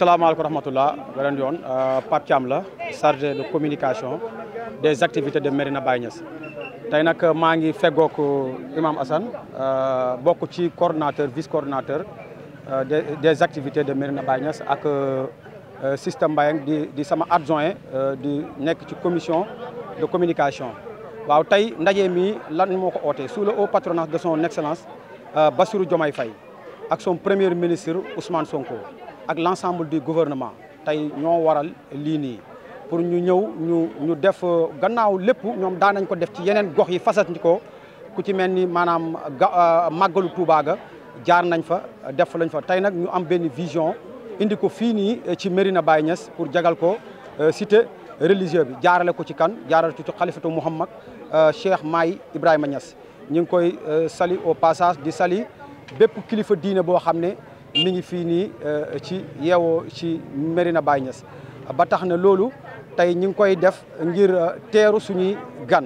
salaamaaleykum rahmatullah beneen yoon euh, Pape Thiam la chargé de communication des activités de Médina Baye Niass tey nag euh, maa ngi feggoog euh, Imam Assane bokk ci coordinateur vice coordonnateur des activités de Médina Baye Niass ak système Mbayang di di sama adjoint di nekk ci commission de communication waaw tey ndaje mi lan moo ko ootee sous le haut patronage de son excellence Bassirou Diomaye fay ak son premier ministre Ousmane Sonko. ak l'ensemble du gouvernement tey ñoo waral lii nii pour ñu ñëw ñu ñu def euh, gannaaw lépp ñoom daan nañ ko def ci yeneen gox yi fasat ko ku ci mel ni maanaam euh, màggalu Touba ga jaar nañ fa def lañ fa tey nag ñu am benn vision indi ko fii nii euh, ci Médina Baye Niass pour jagal ko cité religieux bi jaarale ko ci kan jaarale ko ci xalifatu Mouhamad Cheikh may Ibrahima Niass ñu ngi koy sali au passage di sali bépp kilifa diine boo xam ne mi ngi fii nii euh, ci yeewoo ci Médina Baye Niass ba tax na loolu tey ñu ngi koy def ngir euh, teeru suñuy gan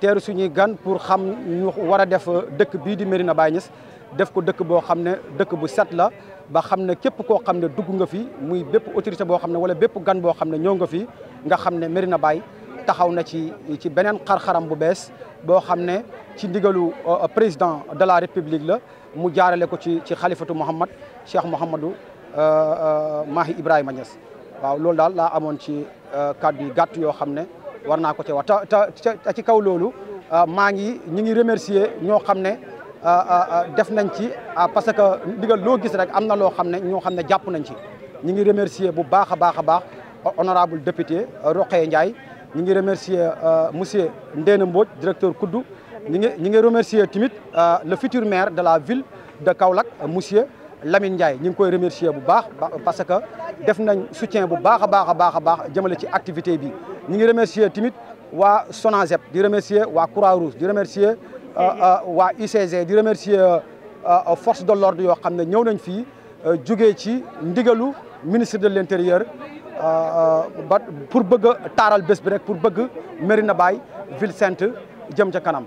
teeru suñuy gan pour xam ñu war a def euh, dëkk bii di Médina Baye Niass def ko dëkk boo xam ne dëkk bu set la ba xam ne képp koo xam ne dugg nga fi muy bépp autorité boo xam ne wala bépp gan boo xam ne ñëw nga fi nga xam ne Médina Baye taxaw na ci ci beneen xarxaram bu bees boo xam ne ci ndigalu président de la république la mu jaarale ko ci ci xalifatu Mouhamad Cheikh Mouhamadou euh, euh, Mahi Ibrahima Niass waaw loolu daal laa amoon ci euh, kàddu yi gàtt yoo xam ne war naa ko ci wax te ci kaw loolu maa ngi ñi ngi remercier ñoo xam ne def nañ ci parce que ndigal loo gis rek am na loo xam ne ñoo xam ne jàpp nañ ci ñi ngi remercier bu baax a baax a baax honorable député Rokhaya Ndiaye ñi ngi remercier monsieur Ndéna Mbodj directeur Kuddu ñi ngi ñi ngi remercier tamit euh, le futur maire de la ville de Kaolack euh, monsieur Lamine Ndiaye ñi ngi koy remercier bu baax parce que def nañ soutien bu baax a baax a baax a baax jëmale ci activité bi ñi ngi remercier tamit waa Sonazep di remercier waa Croix-Rouge di remercier euh, waa UCG di remercier force de l'ordre yoo xam ne ñëw nañ fii jógee ci ndigalu ministre de l'intérieur ba pour bëgg a taaral bés bi rek pour bëgg Médina Baye ville sainte jëm ca kanam